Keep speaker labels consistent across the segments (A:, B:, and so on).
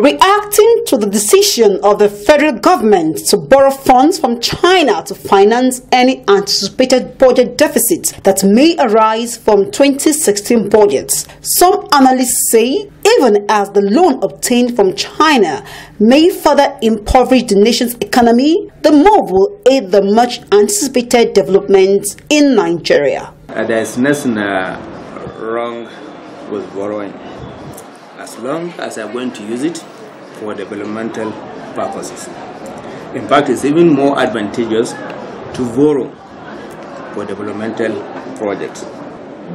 A: reacting to the decision of the federal government to borrow funds from China to finance any anticipated budget deficits that may arise from 2016 budgets. Some analysts say even as the loan obtained from China may further impoverish the nation's economy, the move will aid the much anticipated developments in Nigeria.
B: Uh, there's nothing uh, wrong with borrowing as long as I'm going to use it for developmental purposes. In fact, it's even more advantageous to borrow for developmental projects.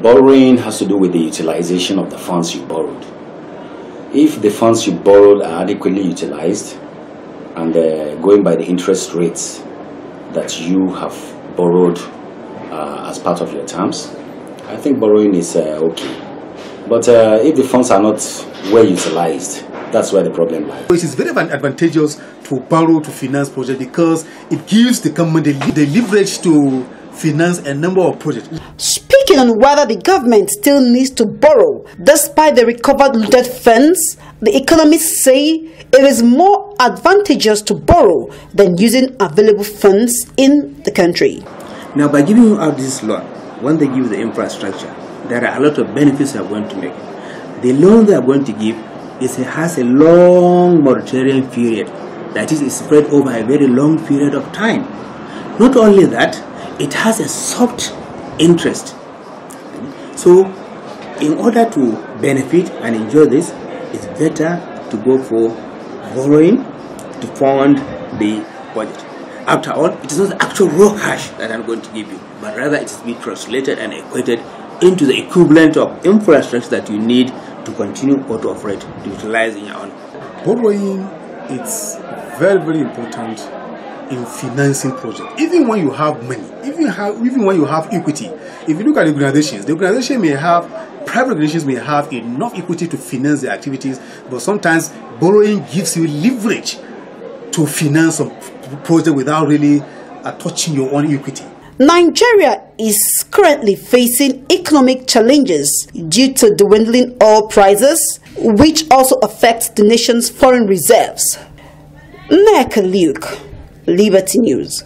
C: Borrowing has to do with the utilization of the funds you borrowed. If the funds you borrowed are adequately utilized and going by the interest rates that you have borrowed uh, as part of your terms, I think borrowing is uh, okay. But uh, if the funds are not well utilized, that's where the problem lies.
D: It is very advantageous to borrow to finance projects because it gives the government the, leverage to finance a number of projects.
A: Speaking on whether the government still needs to borrow despite the recovered looted funds, the economists say it is more advantageous to borrow than using available funds in the country.
B: Now, by giving out this loan, when they give the infrastructure, there are a lot of benefits i are going to make. The loan they are going to give is, has a long moratorium period. That is, it's spread over a very long period of time. Not only that, it has a soft interest. So, in order to benefit and enjoy this, it's better to go for borrowing to fund the budget. After all, it is not actual raw cash that I'm going to give you, but rather it is being translated and equated into the equivalent of infrastructure that you need to continue or to operate, to utilize in your own.
D: Borrowing it's very, very important in financing projects. Even when you have money, even, have, even when you have equity, if you look at organizations, the organization may have private organizations may have enough equity to finance their activities, but sometimes borrowing gives you leverage to finance a project without really
A: uh, touching your own equity. Nigeria is currently facing economic challenges due to dwindling oil prices, which also affects the nation's foreign reserves. Nneka Luke, Liberty News.